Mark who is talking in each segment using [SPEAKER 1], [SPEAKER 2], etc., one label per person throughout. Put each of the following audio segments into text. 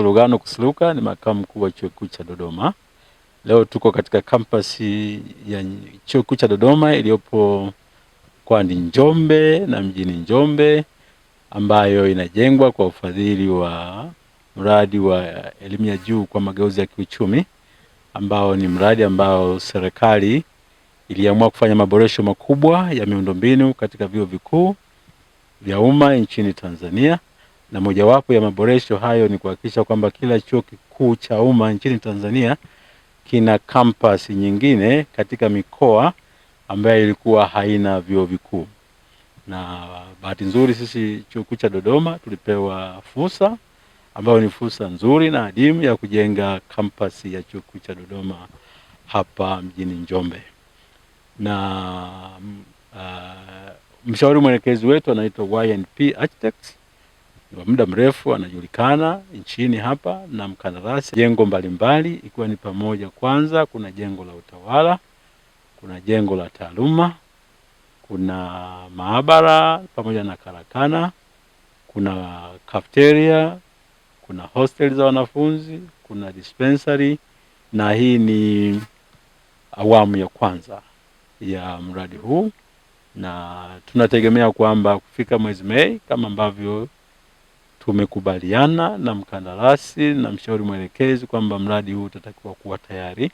[SPEAKER 1] Lugano Kusiluka ni makamu mkuu wa Chuo Kikuu cha Dodoma. Leo tuko katika kampasi ya Chuo Kikuu cha Dodoma iliyopo mkoani Njombe na mjini Njombe ambayo inajengwa kwa ufadhili wa mradi wa elimu ya juu kwa mageuzi ya kiuchumi ambao ni mradi ambao serikali iliamua kufanya maboresho makubwa ya miundombinu katika vyuo vikuu vya umma nchini Tanzania na mojawapo ya maboresho hayo ni kuhakikisha kwamba kila chuo kikuu cha umma nchini Tanzania kina campus nyingine katika mikoa ambayo ilikuwa haina vyuo vikuu. Na bahati nzuri sisi chuo kikuu cha Dodoma tulipewa fursa ambayo ni fursa nzuri na adimu ya kujenga kampasi ya chuo kikuu cha Dodoma hapa mjini Njombe. Na mm, uh, mshauri mwelekezi wetu anaitwa YNP Architects wa muda mrefu anajulikana nchini hapa na mkandarasi jengo mbalimbali, ikiwa ni pamoja, kwanza kuna jengo la utawala, kuna jengo la taaluma, kuna maabara pamoja na karakana, kuna cafeteria, kuna hostel za wanafunzi, kuna dispensary, na hii ni awamu ya kwanza ya mradi huu, na tunategemea kwamba kufika mwezi Mei kama ambavyo tumekubaliana na mkandarasi na mshauri mwelekezi kwamba mradi huu utatakiwa kuwa tayari,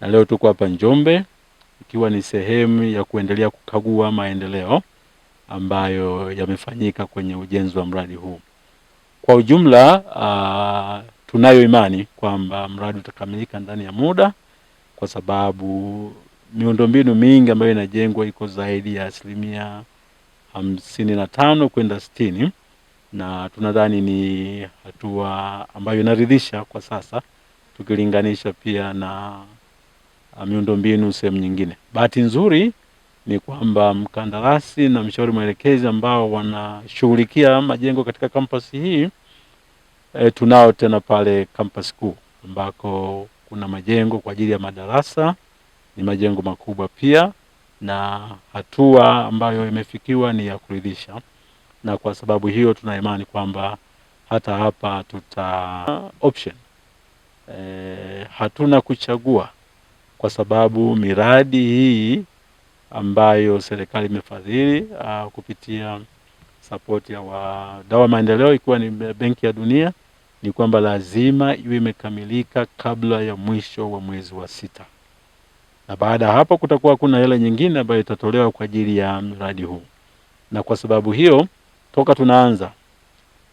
[SPEAKER 1] na leo tuko hapa Njombe ikiwa ni sehemu ya kuendelea kukagua maendeleo ambayo yamefanyika kwenye ujenzi wa mradi huu. Kwa ujumla, uh, tunayo imani kwamba mradi utakamilika ndani ya muda, kwa sababu miundombinu mingi ambayo inajengwa iko zaidi ya asilimia hamsini na tano kwenda sitini na tunadhani ni hatua ambayo inaridhisha kwa sasa tukilinganisha pia na ah, miundombinu sehemu nyingine. Bahati nzuri ni kwamba mkandarasi na mshauri mwelekezi ambao wanashughulikia majengo katika kampasi hii e, tunao tena pale kampasi kuu ambako kuna majengo kwa ajili ya madarasa, ni majengo makubwa pia, na hatua ambayo imefikiwa ni ya kuridhisha na kwa sababu hiyo tuna imani kwamba hata hapa tuta option e, hatuna kuchagua kwa sababu miradi hii ambayo serikali imefadhili uh, kupitia sapoti ya wadau wa maendeleo ikiwa ni Benki ya Dunia ni kwamba lazima iwe imekamilika kabla ya mwisho wa mwezi wa sita, na baada ya hapo kutakuwa kuna hela nyingine ambayo itatolewa kwa ajili ya mradi huu, na kwa sababu hiyo toka tunaanza,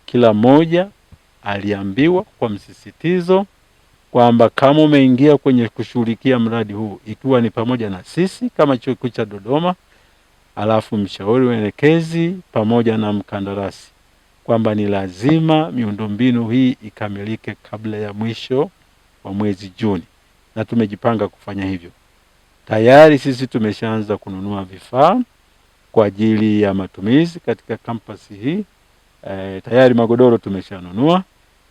[SPEAKER 1] kila mmoja aliambiwa kwa msisitizo kwamba kama umeingia kwenye kushughulikia mradi huu, ikiwa ni pamoja na sisi kama Chuo Kikuu cha Dodoma, alafu mshauri mwelekezi pamoja na mkandarasi, kwamba ni lazima miundombinu hii ikamilike kabla ya mwisho wa mwezi Juni, na tumejipanga kufanya hivyo. Tayari sisi tumeshaanza kununua vifaa kwa ajili ya matumizi katika kampasi hii. E, tayari magodoro tumeshanunua,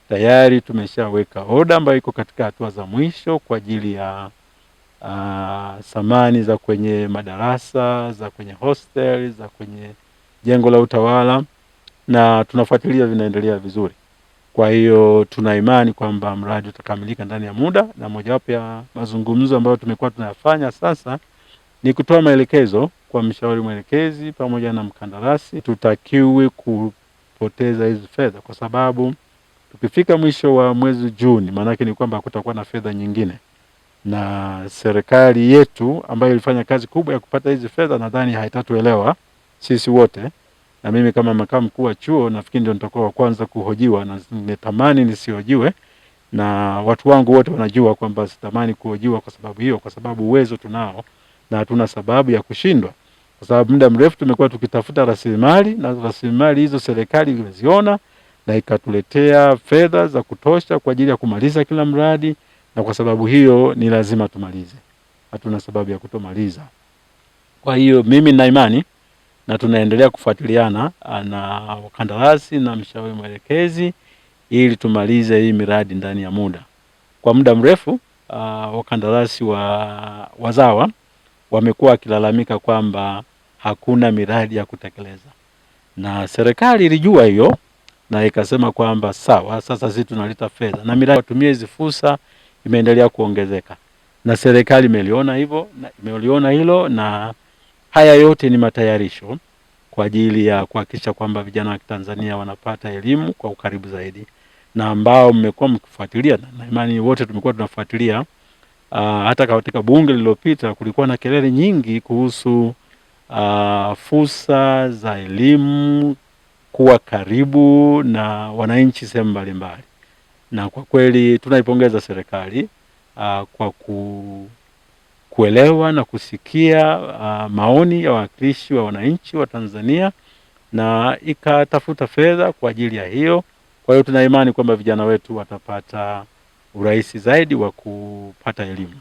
[SPEAKER 1] tayari tumeshaweka oda ambayo iko katika hatua za mwisho kwa ajili ya a, ah, samani za kwenye madarasa, za kwenye hostel, za kwenye jengo la utawala na tunafuatilia vinaendelea vizuri. Kwa hiyo tuna imani kwamba mradi utakamilika ndani ya muda, na mojawapo ya mazungumzo ambayo tumekuwa tunayafanya sasa ni kutoa maelekezo kwa mshauri mwelekezi pamoja na mkandarasi, tutakiwe kupoteza hizi fedha, kwa sababu tukifika mwisho wa mwezi Juni, maanake ni kwamba kutakuwa na fedha nyingine, na serikali yetu ambayo ilifanya kazi kubwa ya kupata hizi fedha nadhani haitatuelewa sisi wote, na mimi kama makamu mkuu wa chuo nafikiri ndio nitakuwa wa kwanza kuhojiwa, na nitamani nisihojiwe na watu wangu wote wanajua kwamba sitamani kuhojiwa kwa sababu hiyo, kwa sababu uwezo tunao na hatuna sababu ya kushindwa kwa sababu muda mrefu tumekuwa tukitafuta rasilimali na rasilimali hizo serikali imeziona na ikatuletea fedha za kutosha kwa ajili ya kumaliza kila mradi, na kwa sababu hiyo ni lazima tumalize, hatuna sababu ya kutomaliza. Kwa hiyo mimi na imani na tunaendelea kufuatiliana ah, na wakandarasi na mshauri mwelekezi ili tumalize hii miradi ndani ya muda. Kwa muda mrefu uh, wakandarasi wa wazawa wamekuwa wakilalamika kwamba hakuna miradi ya kutekeleza, na serikali ilijua hiyo na ikasema kwamba sawa, sasa sisi tunaleta fedha na miradi watumie hizi fursa. Imeendelea kuongezeka na serikali imeliona hivyo, imeliona hilo, na haya yote ni matayarisho kwa ajili ya kuhakikisha kwamba vijana wa Tanzania wanapata elimu kwa ukaribu zaidi, na ambao mmekuwa mkifuatilia na imani wote tumekuwa tunafuatilia. Uh, hata katika bunge lililopita kulikuwa na kelele nyingi kuhusu uh, fursa za elimu, kuwa karibu na wananchi sehemu mbalimbali, na kwa kweli tunaipongeza serikali uh, kwa ku, kuelewa na kusikia uh, maoni ya wawakilishi wa wananchi wa Tanzania na ikatafuta fedha kwa ajili ya hiyo. Kwa hiyo tuna imani kwamba vijana wetu watapata urahisi zaidi wa kupata elimu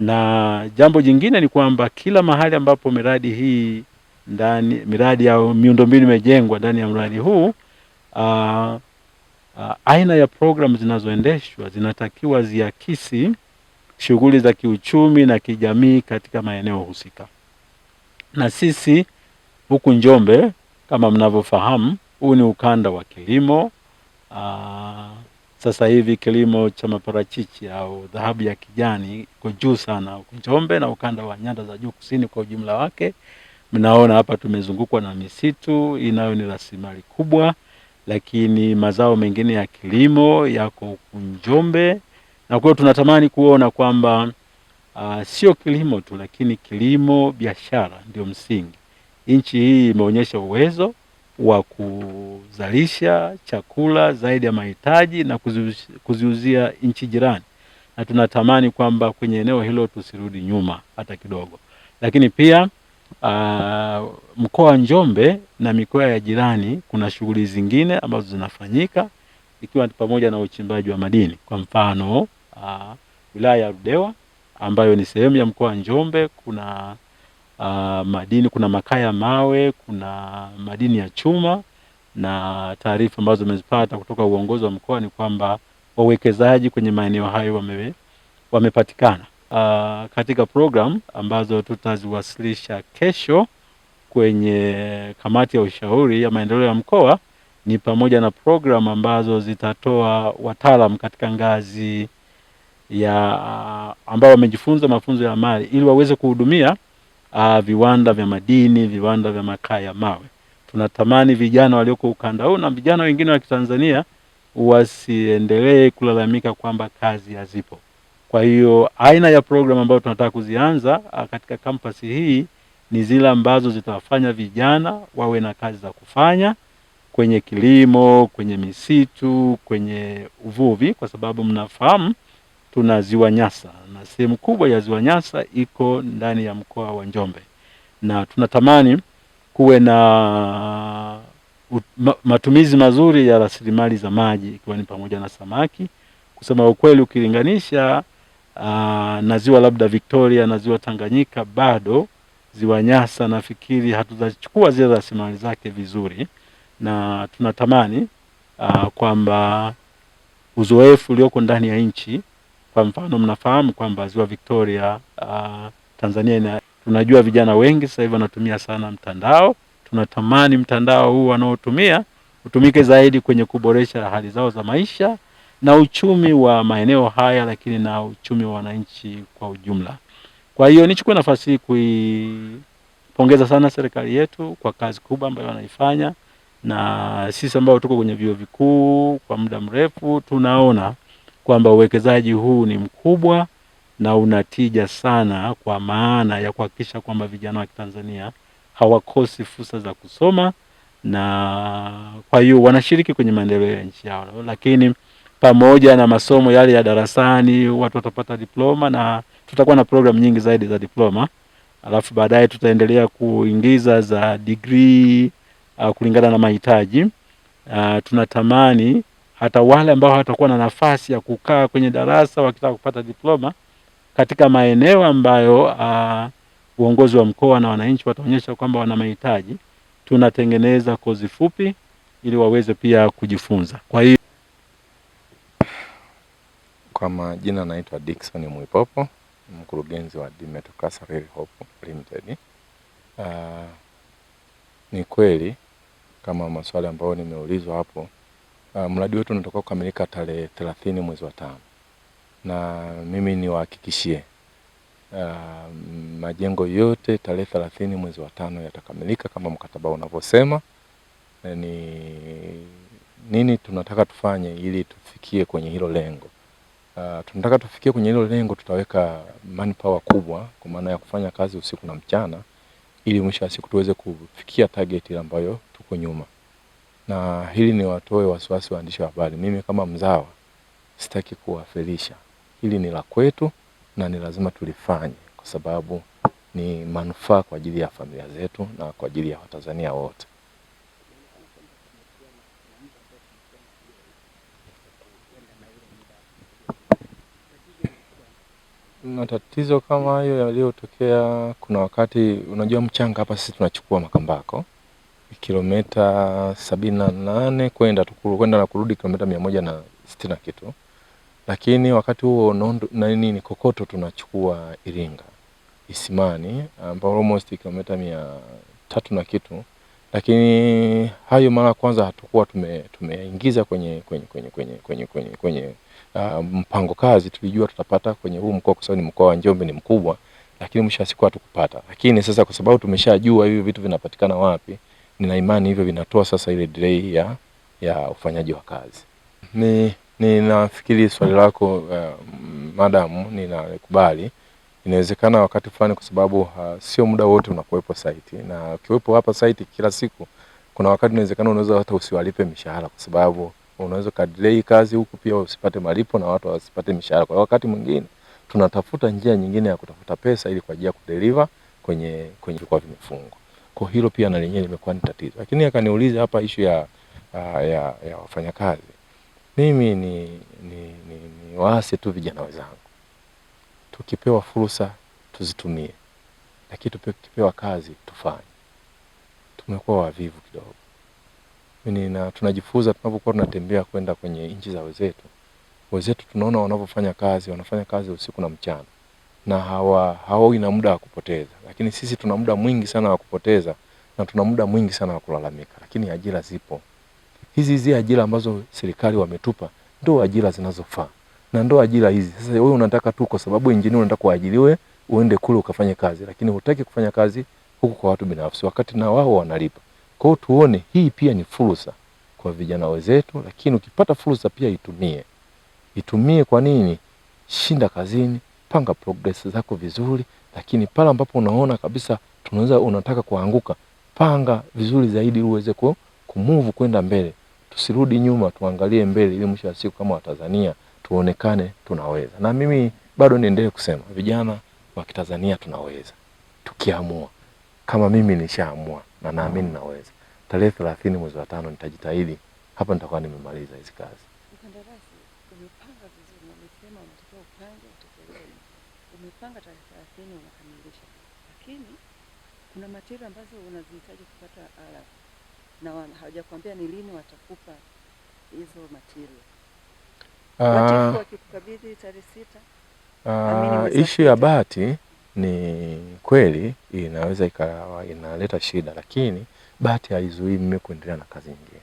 [SPEAKER 1] na jambo jingine ni kwamba kila mahali ambapo miradi hii ndani miradi ya miundombinu imejengwa ndani ya mradi huu uh, uh, aina ya programu zinazoendeshwa zinatakiwa ziakisi shughuli za kiuchumi na kijamii katika maeneo husika. Na sisi huku Njombe, kama mnavyofahamu, huu ni ukanda wa kilimo uh, sasa hivi kilimo cha maparachichi au dhahabu ya kijani iko juu sana Njombe na ukanda wa nyanda za juu kusini kwa ujumla wake. Mnaona hapa tumezungukwa na misitu inayo ni rasilimali kubwa, lakini mazao mengine ya kilimo yako huku Njombe, na kwa hiyo tunatamani kuona kwamba uh, sio kilimo tu, lakini kilimo biashara ndio msingi. Nchi hii imeonyesha uwezo wa kuzalisha chakula zaidi ya mahitaji na kuziuzia nchi jirani, na tunatamani kwamba kwenye eneo hilo tusirudi nyuma hata kidogo. Lakini pia Uh, mkoa wa Njombe na mikoa ya jirani kuna shughuli zingine ambazo zinafanyika ikiwa pamoja na uchimbaji wa madini. Kwa mfano, uh, wilaya ya Ludewa ambayo ni sehemu ya mkoa wa Njombe kuna uh, madini, kuna makaa ya mawe, kuna madini ya chuma na taarifa ambazo tumezipata kutoka uongozi wa mkoa ni kwamba wawekezaji kwenye maeneo hayo wame, wamepatikana uh, katika program ambazo tutaziwasilisha kesho kwenye kamati ya ushauri ya maendeleo ya mkoa ni pamoja na program ambazo zitatoa wataalam katika ngazi ya ah, ambao wamejifunza mafunzo ya amali ili waweze kuhudumia uh, viwanda vya madini, viwanda vya makaa ya mawe. Tunatamani vijana walioko ukanda huu na vijana wengine wa Kitanzania wasiendelee kulalamika kwamba kazi hazipo. Kwa hiyo aina ya programu ambayo tunataka kuzianza ah, katika kampasi hii ni zile ambazo zitawafanya vijana wawe na kazi za kufanya kwenye kilimo, kwenye misitu, kwenye uvuvi, kwa sababu mnafahamu tuna ziwa Nyasa na sehemu kubwa ya ziwa Nyasa iko ndani ya mkoa wa Njombe, na tunatamani kuwe na matumizi mazuri ya rasilimali za maji ikiwa ni pamoja na samaki. Kusema ukweli, ukilinganisha na ziwa labda Victoria na ziwa Tanganyika, bado ziwa Nyasa nafikiri hatuzachukua zile rasilimali zake vizuri, na tunatamani kwamba uzoefu ulioko ndani ya nchi kwa mfano mnafahamu kwamba ziwa Victoria uh, Tanzania ina, tunajua vijana wengi sasa hivi wanatumia sana mtandao. Tunatamani mtandao huu wanaotumia utumike zaidi kwenye kuboresha hali zao za maisha na uchumi wa maeneo haya, lakini na uchumi wa wananchi kwa ujumla. Kwa hiyo nichukue nafasi hii kuipongeza sana serikali yetu kwa kazi kubwa ambayo wanaifanya, na sisi ambao tuko kwenye vyuo vikuu kwa muda mrefu tunaona kwamba uwekezaji huu ni mkubwa na unatija sana, kwa maana ya kuhakikisha kwamba vijana wa Kitanzania hawakosi fursa za kusoma, na kwa hiyo wanashiriki kwenye maendeleo ya nchi yao. Lakini pamoja na masomo yale ya darasani, watu watapata diploma na tutakuwa na programu nyingi zaidi za diploma, alafu baadaye tutaendelea kuingiza za degree uh, kulingana na mahitaji uh, tunatamani hata wale ambao hawatakuwa na nafasi ya kukaa kwenye darasa wakitaka kupata diploma katika maeneo ambayo uh, uongozi wa mkoa na wananchi wataonyesha kwamba wana mahitaji, tunatengeneza kozi fupi ili waweze pia kujifunza. Kwa hiyo
[SPEAKER 2] kwa majina, naitwa Dickson Mwipopo, mkurugenzi wa Dimeto Casa Hope Limited. Uh, ni kweli kama maswali ambayo nimeulizwa hapo Uh, mradi wetu unatoka kukamilika tarehe thelathini mwezi wa tano, na mimi niwahakikishie uh, majengo yote tarehe thelathini mwezi wa tano yatakamilika kama mkataba unavyosema. Ni nini tunataka tufanye ili tufikie kwenye hilo lengo? Uh, tunataka tufikie kwenye hilo lengo, tutaweka manpower kubwa kwa maana ya kufanya kazi usiku na mchana, ili mwisho wa siku tuweze kufikia target ambayo tuko nyuma na hili ni watoe wasiwasi waandishi wa habari. Mimi kama mzawa sitaki kuwafelisha, hili ni la kwetu na ni lazima tulifanye kwa sababu ni manufaa kwa ajili ya familia zetu na kwa ajili ya Watanzania wote. Matatizo kama hayo yaliyotokea, kuna wakati unajua mchanga hapa sisi tunachukua Makambako kilomita sabini na nane kwenda Tukuru kwenda na kurudi kilomita mia moja na sitini na kitu, lakini wakati huo nondo na nini kokoto tunachukua Iringa Isimani, ambao almost kilomita mia tatu na kitu, lakini hayo mara ya kwanza hatukuwa tumeingiza tume kwenye, kwenye, kwenye, kwenye, kwenye, kwenye uh, mpango kazi. Tulijua tutapata kwenye huu mkoa, kwa sababu ni mkoa wa Njombe ni mkubwa, lakini mwisho wa siku hatukupata. Lakini sasa kwa sababu tumeshajua hivi vitu vinapatikana wapi nina imani hivyo vinatoa sasa ile delay ya, ya ufanyaji wa kazi. Ni ninafikiri swali lako uh, madam, ninakubali inawezekana wakati fulani, kwa sababu uh, sio muda wote unakuwepo site, na ukiwepo hapa site kila siku, kuna wakati inawezekana unaweza hata usiwalipe mishahara, kwa sababu unaweza kadelay kazi huku pia usipate malipo na watu wasipate mishahara. Kwa wakati mwingine tunatafuta njia nyingine ya kutafuta pesa ili kwa ajili ya kudeliver kwenye kwenye kwa vimefungwa kwa hilo pia na lenyewe limekuwa ni tatizo, lakini akaniuliza hapa ishu ya, ya, ya, ya wafanyakazi. Mimi ni, ni, ni, ni waase tu vijana wenzangu, tukipewa fursa tuzitumie, lakini tukipewa kazi tufanye. Tumekuwa wavivu kidogo na tunajifunza tunapokuwa tunatembea kwenda kwenye nchi za wenzetu. Wenzetu tunaona wanavyofanya kazi, wanafanya kazi usiku na mchana, na hawa hawawi na muda wa kupoteza, lakini sisi tuna muda mwingi sana wa kupoteza na tuna muda mwingi sana wa kulalamika, lakini ajira zipo. Hizi hizi ajira ambazo serikali wametupa ndo ajira zinazofaa na ndo ajira hizi. Sasa wewe unataka tu kwa sababu injini unataka kuajiriwe uende kule ukafanye kazi, lakini hutaki kufanya kazi huku kwa watu binafsi, wakati na wao wanalipa. Kwa hiyo tuone hii pia ni fursa kwa vijana wenzetu, lakini ukipata fursa pia itumie, itumie. Kwa nini? Shinda kazini panga progress zako vizuri, lakini pale ambapo unaona kabisa tunaweza unataka kuanguka, panga vizuri zaidi uweze kumove kwenda mbele. Tusirudi nyuma, tuangalie mbele, ili mwisho wa siku kama Watanzania tuonekane tunaweza. Na mimi bado niendelee kusema vijana wa Kitanzania tunaweza tukiamua. Kama mimi nishaamua na naamini naweza, tarehe thelathini mwezi wa tano nitajitahidi hapa, nitakuwa nimemaliza hizi kazi
[SPEAKER 3] umepanga tarehe thelathini unakamilisha, lakini kuna material ambazo unazihitaji kupata ala uh, na hawajakwambia ni lini watakupa hizo material. Uh, wakikukabidhi tarehe sita
[SPEAKER 2] uh, ah, ishi ya bahati ni kweli inaweza ikawa inaleta shida, lakini bahati haizuii mimi kuendelea na kazi nyingine.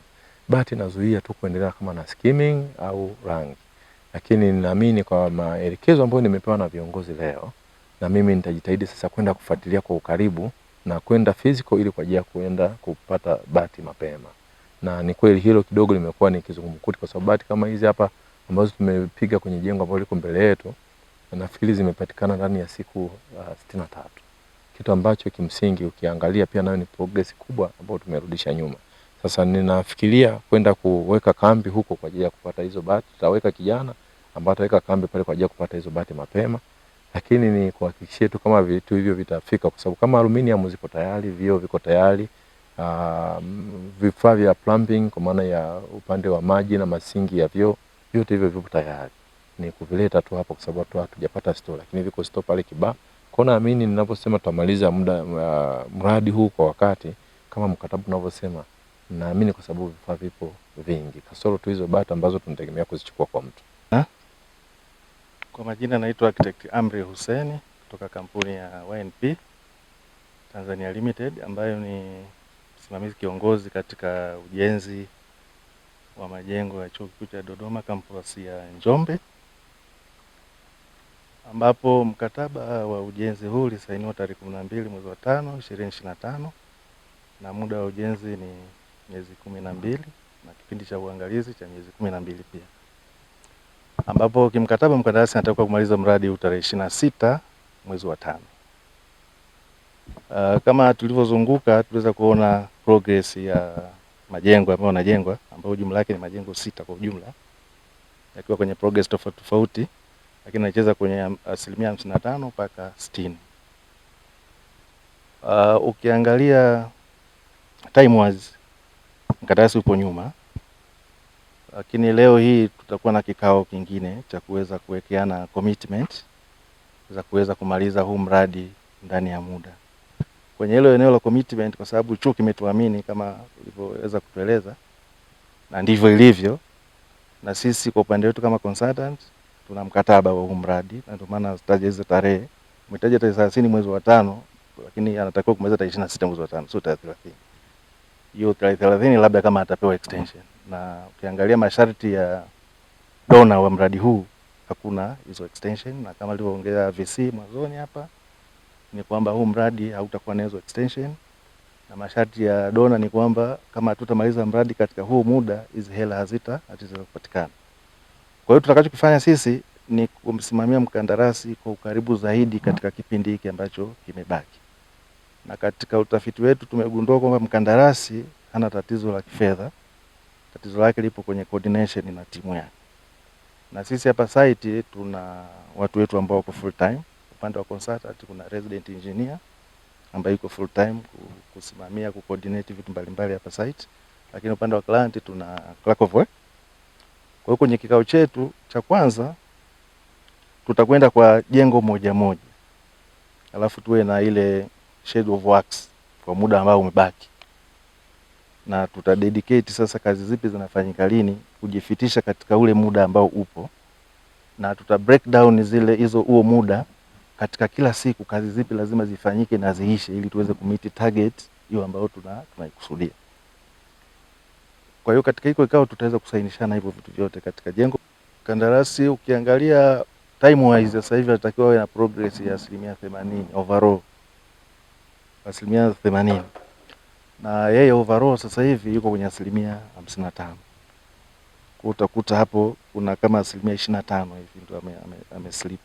[SPEAKER 2] Bahati inazuia tu kuendelea kama na skimming au rangi lakini ninaamini kwa maelekezo ambayo nimepewa na viongozi leo, na mimi nitajitahidi sasa kwenda kufuatilia kwa ukaribu na kwenda physical ili kwa ajili ya kwenda kupata bati mapema. Na ni kweli hilo kidogo limekuwa ni kizungumkuti, kwa sababu bati kama hizi hapa ambazo tumepiga kwenye jengo ambalo liko mbele yetu, nafikiri zimepatikana ndani ya siku uh, sitini na tatu, kitu ambacho kimsingi ukiangalia pia nayo ni progress kubwa ambayo tumerudisha nyuma. Sasa ninafikiria kwenda kuweka kambi huko kwa ajili ya kupata hizo bati. Tutaweka kijana ambaye ataweka kambi pale kwa ajili ya kupata hizo bati mapema, lakini ni kuhakikishia tu kama vitu hivyo vitafika, kwa sababu kama aluminium ziko tayari, vioo viko tayari, uh, vifaa vya plumbing kwa maana ya upande wa maji na masingi ya vioo, vyote hivyo vipo tayari, ni kuvileta tu hapa, kwa sababu tu hatujapata store, lakini viko store pale Kibaha. Kwa naamini ninaposema tutamaliza muda uh, mradi huu kwa wakati kama mkataba unavyosema naamini kwa sababu vifaa vipo vingi, kasoro tu hizo bata ambazo tunategemea kuzichukua kwa mtu ha?
[SPEAKER 4] Kwa majina naitwa Architect Amri Hussein kutoka kampuni ya YNP Tanzania Limited ambayo ni msimamizi kiongozi katika ujenzi wa majengo ya Chuo Kikuu cha Dodoma kampasi ya Njombe, ambapo mkataba wa ujenzi huu ulisainiwa tarehe 12 mwezi wa 5 2025 na muda wa ujenzi ni miezi kumi na mbili na kipindi cha uangalizi cha miezi kumi na mbili pia, ambapo kimkataba mkandarasi anatakiwa kumaliza mradi huu tarehe ishirini na sita mwezi wa tano. Uh, kama tulivyozunguka tuweza kuona progress ya majengo ambayo yanajengwa ambayo jumla yake ni majengo sita kwa ujumla yakiwa kwenye progress tofauti tofauti, lakini anacheza kwenye asilimia hamsini na tano mpaka sitini. Uh, ukiangalia time wise mkandarasi upo nyuma, lakini leo hii tutakuwa na kikao kingine cha kuweza kuwekeana commitment za kuweza kumaliza huu mradi ndani ya muda. Kwenye hilo eneo la commitment, kwa sababu chuo kimetuamini kama ulivyoweza kutueleza, na ndivyo ilivyo, na sisi kwa upande wetu kama consultant tuna mkataba wa huu mradi, na ndio maana sitaje hizo tarehe. Umetaja tarehe 30 mwezi wa tano, lakini anatakiwa kumaliza tarehe 26 mwezi wa tano, sio tarehe 30 hiyo 30 labda kama atapewa extension, na ukiangalia masharti ya dona wa mradi huu hakuna hizo extension, na kama alivyoongea VC mwanzoni hapa ni kwamba huu mradi hautakuwa na hizo extension, na masharti ya dona ni kwamba kama hatutamaliza mradi katika huu muda hizi hela hazita hazitaweza kupatikana. Kwa hiyo tutakachokifanya sisi ni kumsimamia mkandarasi kwa ukaribu zaidi katika kipindi hiki ambacho kimebaki na katika utafiti wetu tumegundua kwamba mkandarasi ana tatizo la kifedha, tatizo lake lipo kwenye coordination na timu yake. Na sisi hapa site tuna watu wetu ambao wako full time, upande wa consultant kuna resident engineer ambaye yuko full time kusimamia ku coordinate vitu mbalimbali hapa site, lakini upande wa client tuna clerk of work. Kwa hiyo kwenye kikao chetu cha kwanza tutakwenda kwa jengo moja moja, alafu tuwe na ile shade of wax kwa muda ambao umebaki, na tutadedicate sasa kazi zipi zinafanyika lini, kujifitisha katika ule muda ambao upo, na tuta break down zile hizo huo muda katika kila siku, kazi zipi lazima zifanyike na ziishe, ili tuweze kumiti target hiyo ambayo tuna tunaikusudia. Kwa hiyo katika hiko kikao tutaweza kusainishana hivyo vitu vyote katika jengo. Kandarasi ukiangalia time wise sasa hivi atakiwa na progress ya asilimia themanini overall asilimia themanini na yeye overall sasa hivi yuko kwenye asilimia hamsini na tano utakuta hapo kuna kama asilimia ishirini na tano hivi ndo ameslip ame, ame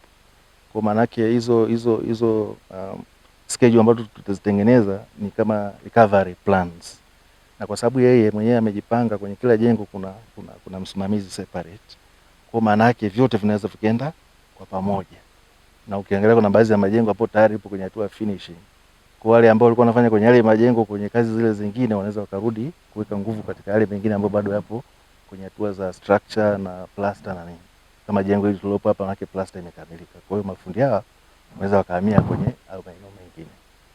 [SPEAKER 4] kwa maanake hizo hizo hizo um, schedule ambazo tutazitengeneza ni kama recovery plans, na kwa sababu yeye mwenyewe amejipanga kwenye kila jengo kuna, kuna, kuna msimamizi separate, kwa maana yake vyote vinaweza vikaenda kwa pamoja, na ukiangalia kuna baadhi ya majengo hapo tayari ipo kwenye hatua finishing wale ambao walikuwa wanafanya kwenye yale majengo kwenye kazi zile zingine wanaweza wakarudi kuweka nguvu katika yale mengine ambayo bado yapo kwenye hatua za structure na plaster na nini, kama jengo hili tulilopo hapa, manake plaster imekamilika. Kwa hiyo mafundi hawa wanaweza wakahamia kwenye au maeneo